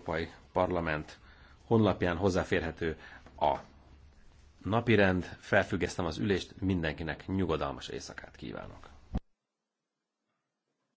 Európai Parlament honlapján hozzáférhető a napirend. Felfüggesztem az ülést, mindenkinek nyugodalmas éjszakát kívánok.